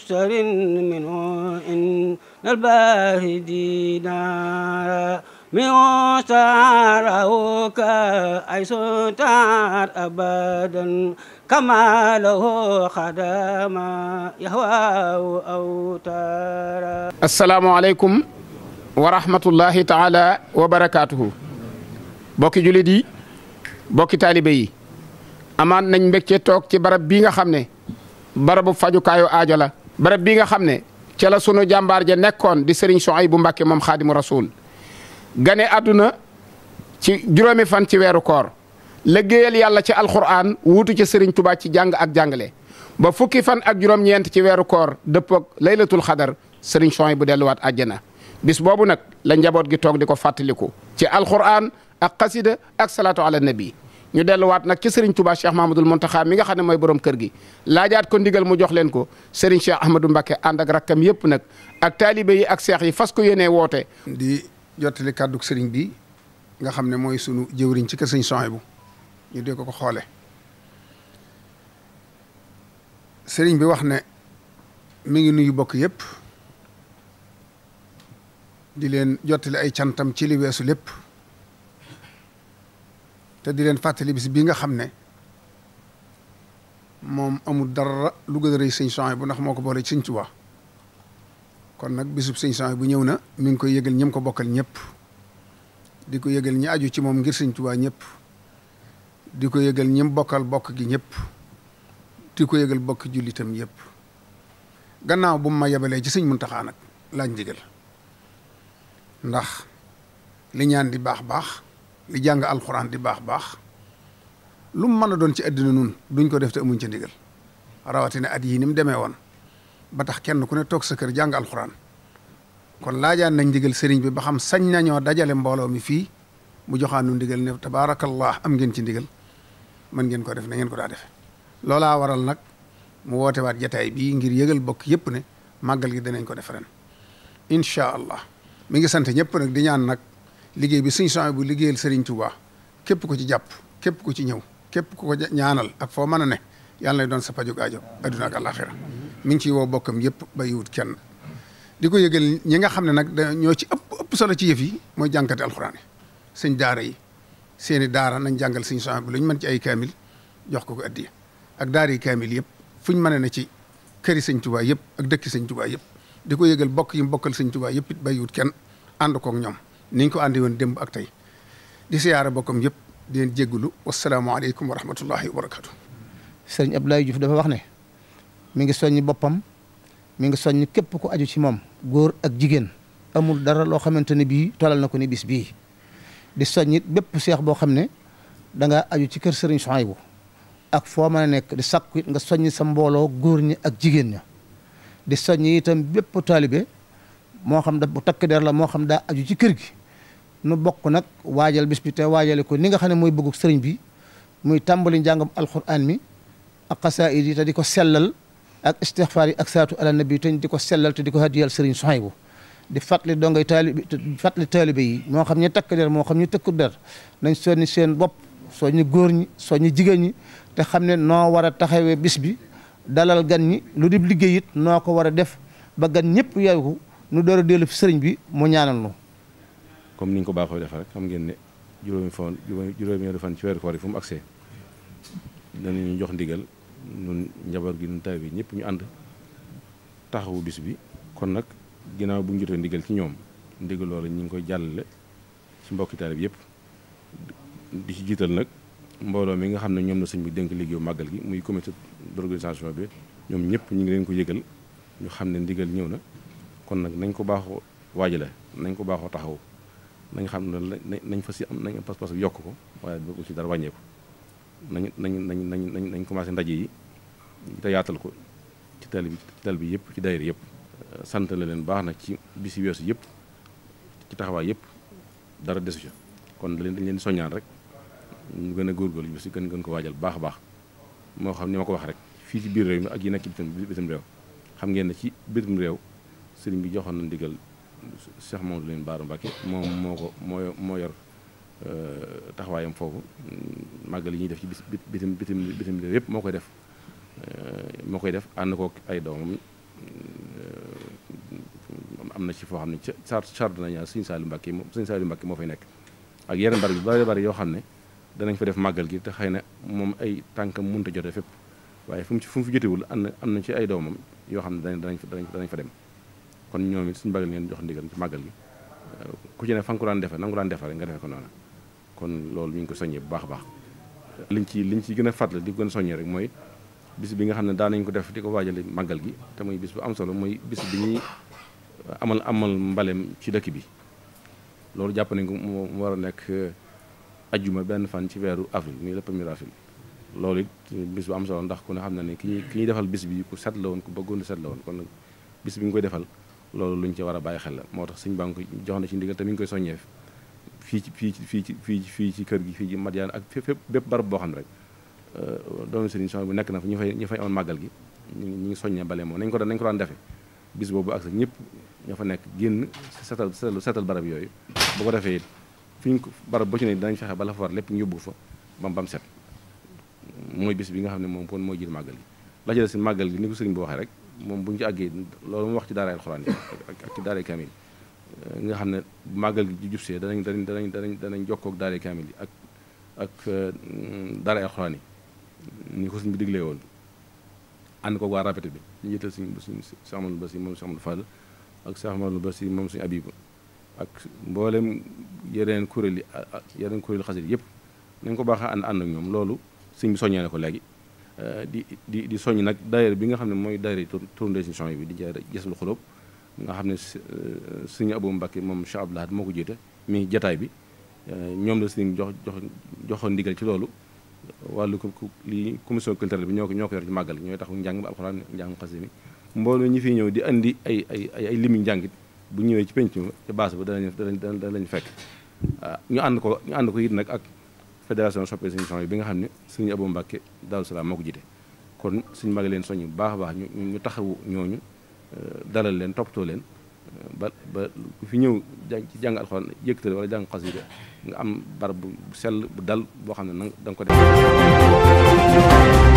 مشتر منه إن الباهدين من ساره كأيس تار أبدا كما له خدما يهواه أو تارا السلام عليكم ورحمة الله تعالى وبركاته بوكي جلدي bokki taalibe yi amaat nañ mbégte toog ci barab bii nga xam ne barabu fajukaayu aajo la barab bii nga xam ne ca la sunu jàmbaar ja nekkoon di Serigne bu Mbacké moom xaadimu rasul gane àdduna ci juróomi fan ci weeru koor liggéeyal yàlla ci alxuraan wuutu ca Serigne Touba ci jàng ak jàngale ba fukki fan ak juróom-ñeent ci weeru koor dëppoog laylatul xadar Serigne bu delluwaat àjjana bis boobu nag la njaboot gi toog di ko fàttaliku ci alxuraan ak xasida ak salaatu ala nabi ñu delluwaat nag ci Serigne Touba Cheikh Mahamadul Montaxa mi nga xam ne mooy borom kër gi laajaat ko digal mu jox leen ko Serigne Cheikh Ahmadou Mbacke ànd ak rakkam yëpp nag ak taalibe yi ak seex yi fas ko yéenee woote. di jottali kàddu Serigne bi nga xam ne mooy sunu jëwriñ ci kër Serigne bu ñu dee ko ko xoole sëriñ bi wax ne mi ngi nuyu bokk yëpp di leen jottali ay cantam ci li weesu lépp. te di leen fàttali bis bii nga xam ne moom amul dara lu gën a rëy sëñ Souhaïbou bu ndax moo ko boole sëñ Tuubaa kon nag bisub sëñ bu ñëw na mi ngi koy yëgal ñi ko bokkal ñëpp di ko yëgal ñi aju ci moom ngir sëñ Tuubaa ñëpp di ko yëgal ñi bokkal bokk gi ñëpp di ko yëgal bokk jullitam yëpp gannaaw bu ma yebalee ci sëñ Muntaxaa nag laa ndigal ndax li ñaan di baax baax li jàng alxuraan di baax baax lu mu mën a doon ci àddina nun duñ ko def te amuñ ci ndigal rawatina at yii ni mu demee woon ba tax kenn ku ne toog sa kër jàng alxuraan kon laajaan nañ ndigal sëriñ bi ba xam sañ nañoo dajale mbooloo mi fii mu joxaan nu ndigal ne tabaarakallah am ngeen ci ndigal mën ngeen ko def na ngeen ko daa defe loolaa waral nag mu woote waat jataay bii ngir yëgal bokk yëpp ne màggal gi danañ ko def ren incha allah mi ngi sant ñëpp nag di ñaan nag liggéey bi sëñ Suhaybu bu liggéeyal Sëriñ Tuubaa képp ku ci jàpp képp ku ci ñëw képp ku ko ñaanal ak foo mën a ne yàlla lay doon sa pajug aajo adduna ak àllaaxira mi ngi ciy woo bokkam yëpp bàyyi wut kenn di ko yëgal ñi nga xam ne nag ñoo ci ëpp ëpp solo ci yëf mooy jànkate alxuraan yi sëñ daara yi seeni daara nañ jàngal sëñ Suhaybu bu lu ñu mën ci ay kaamil jox ko ko addiya ak daara yi kaamil yëpp fuñ mën a ne ci këri sëñ Tuubaa yëpp ak dëkki sëñ Tuubaa yëpp di ko yëgal bokk yi bokkal sëñ Tuubaa yëpp it kenn ànd koog ñoom ni ñu ko àndi woon démb ak tey di siyaara bokkam yëpp di leen jéggulu wasalaamaaleykum wa rahmatullahi wa barakatu sëriñ Abdoulaye Diouf dafa wax ne mi ngi soññi boppam mi ngi soññ képp ku aju ci moom góor ak jigéen amul dara loo xamante ne bii tolal na ko ni bis bii di soññit bépp seex boo xam ne danga nga aju ci kër sëriñ Souhaïbou ak foo mën a nekk di nga soññ sa mbooloo góor ñi ak jigéen ña di soññ itam bépp moo xam da bu takk der la moo xam daa aju ci kër gi nu bokk nag waajal bis bi te waajale ko ni nga xam ne mooy bëggu sëriñ bi muy tàmbali njàngam alquran mi ak xasaayid yi te di ko sellal ak istixfaar yi ak saatu ala nabi te di ko sellal te di ko hadiyal sëriñ Suhaybu di fàttali dongay taalibe fàttali taalibe yi moo xam ñu takk der moo xam ñu tëkku der nañ ni seen bopp soññi góor ñi soññi jigéen ñi te xam ne noo war a taxawee bis bi dalal gan ñi lu di liggéey it noo ko war a def ba gan ñëpp yow nu door a dellu fi sëriñ bi mu ñaanal nu comme ni ñu ko baaxoo defee rek xam ngeen ne juróomi fan juróomi fan ci weeru koor yi fu mu agsee jox ndigal ñun njaboot gi ñun taalibe bi ñëpp ñu ànd taxawu bis bi kon nag ginnaaw bu ñu ndigal ci ñoom ndigal loolu ñu ngi koy jàllale ci mbokki taalibe bi yëpp di ci jiital nag mbooloo mi nga xam ne ñoom na sëñ bi dénk liggéeyu màggal gi muy comité d'organisation bi ñoom ñëpp ñu ngi leen ko yëgal ñu xam ne ndigal ñëw na kon nag nañ ko baaxoo waajale nañ ko baaxoo taxaw nañ xam ne nañ fa si am nañ am pas-pas yokk ko waaye bu ci dara wàññeeku nañ nañ nañ nañ nañ commencé ndaje yi te yaatal ko ci tal bi ci tal bi yëpp ci daayira yëpp. Euh, sant la leen baax nag ci bis yu weesu yëpp ci taxawaay yëpp dara desu ca kon dañ leen soññaan rek ñu gën a góorgóorlu si gën gën ko waajal baax a baax moo xam ni ma ko wax rek fii si biir réew mi ak yi nekk ci bitim bitim réew xam ngeen ne ci bitim réew sëriñ bi joxoon na ndigal. Cheikh Mamadou Lamine Bara Mbacké moom moo ko moo moo yor euh, taxawaayam foofu màggal yi ñuy def ci bitim bitim bitim réew yëpp moo koy def euh, moo koy def ànd ko ay doomam euh, am na ci foo xam ne ca charte nañu ah Sëñ Saliou Mbacké moom Sëñ Saliou Mbacké moo fay nekk ak yeneen bari yu bari bari yoo xam ne danañ fa def màggal gi te xëy na moom ay tànkam mënut a jotee fépp waaye fu mu ci fu mu fi jotewul am na am na ci ay doomam yoo xam ne danañ danañ fa danañ fa dem. kon ñoom it suñu bëgg leen jox ndigal ci màggal gi euh, ku ci ne fa ko daan defee na ko daan defee rek nga defee ko noonu kon loolu ñu ngi ko soñee bu baax a baax liñ ci liñ ci gën a fàttali di ko gën a soññee rek mooy bis bi nga xam ne daan nañ ko def di ko waajale màggal gi te mooy bis bu am solo muy bis bi ñuy amal amal mbalem ci dëkk bi loolu jàpp nañ ko mu war a nekk euh, ajjuma benn fan ci weeru avril muy le premier avril loolu it bis bu am solo ndax ne xam na ne ki ñuy ñuy defal bis bi ku set woon ku bëggoon set la woon kon bis bi nga koy defal loolu lu ñu ci war a bàyyi xel la moo tax sëñ baa ngi ko jox na ci ndigal te mi ngi koy soññee fii ci fii fii ci fii fii ci kër gi fii ci Madiane ak fépp bépp barab boo xam ne rek euh, doomu sëriñ bu nekk na fa ñu fay ñu fay màggal gi ñu ngi ñu bale moom nañ ko daan nañ ko daan defee bis ak sa ñëpp ñoo fa nekk génn setal setal barab yooyu bu ko defee it fi ñu ko barab bu ci ne dinañ fexe ba fa war lépp ñu yóbbu fa bam bam set mooy bis bi nga xam ne moom kon mooy jiir màggal gi la ci des si màggal gi ni ko sëriñ bi waxee rek moom bu ñu ci àggee loolu mu wax ci daaray alxuraan yi ak ci daaray yi eh, nga xam ne màggal gi ju jubsee danañ danañ danañ danañ danañ jokkook daaray kaamil yi ak ak eh, daaray alxuraan yi ko suñ bi woon ànd ko waa rabet bi ñu jëtal si si Cheikh Amadou Bassi moom Cheikh Amadou Fall ak Cheikh Amadou Bassi moom si Abibu ak mboolem yeneen kuréel yi yeneen kuréel xasit yëpp nañ ko baaxee ànd ànd ak ñoom loolu suñ bi soññee na ko léegi Euh, di di di soññ nag daayira bi nga xam ne mooy daayira tournée si yi bi di jaay gis lu xulóob nga xam ne sëñ euh, Abou Mbacké moom Cheikh Abdou Lahad moo ko jiite mi jataay bi euh, ñoom la sëñ jox jox joxoon ndigal ci loolu wàllu li commission culturelle bi ñoo ko ñoo ko yor ci màggal ñooy taxu njàng bi alxuraan njàng xas mi mbooloo ñi fiy ñëw di andi ay ay ay limi njàngit bu ñëwee ci penc ma ci base ba danañ danañ danañ fekk ah, ñu ànd ko ñu ànd ko it nag ak fédération soppe Serigne Souhaïbou bi nga xam ne Serigne Abou Mbacké Daaru Salaam moo ko jiite kon suñ mag leen soñ bu baax baax ñu ñu taxawu ñooñu euh, dalal leen toppatoo leen euh, ba ba ku fi ñëw ci jàng alxuraan yëkkatale wala jàng xasida nga am barab bu sell bu dal boo xam ne na da nga ko def